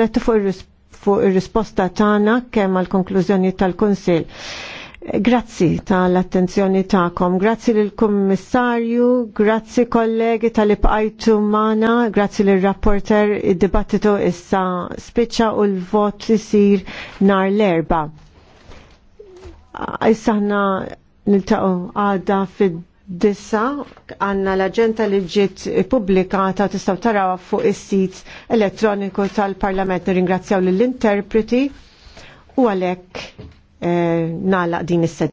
Rettu fuq ir-risposta tagħna kemm għal konklużjoni tal konsil Grazzi tal-attenzjoni tagħkom, grazzi lill kummissarju grazzi kollegi tal-ibqajtu mana, grazzi lill rapporter id-dibattitu issa spiċċa u l-vot isir nar l-erba. Issa ħna nil-taqo għada fid Dissa għanna l-agenda li ġiet publikata tistaw taraw fuq is-sit elettroniku tal-Parlament nirringrazzjaw lill-interpreti u għalhekk eh, nagħlaq din is-sed.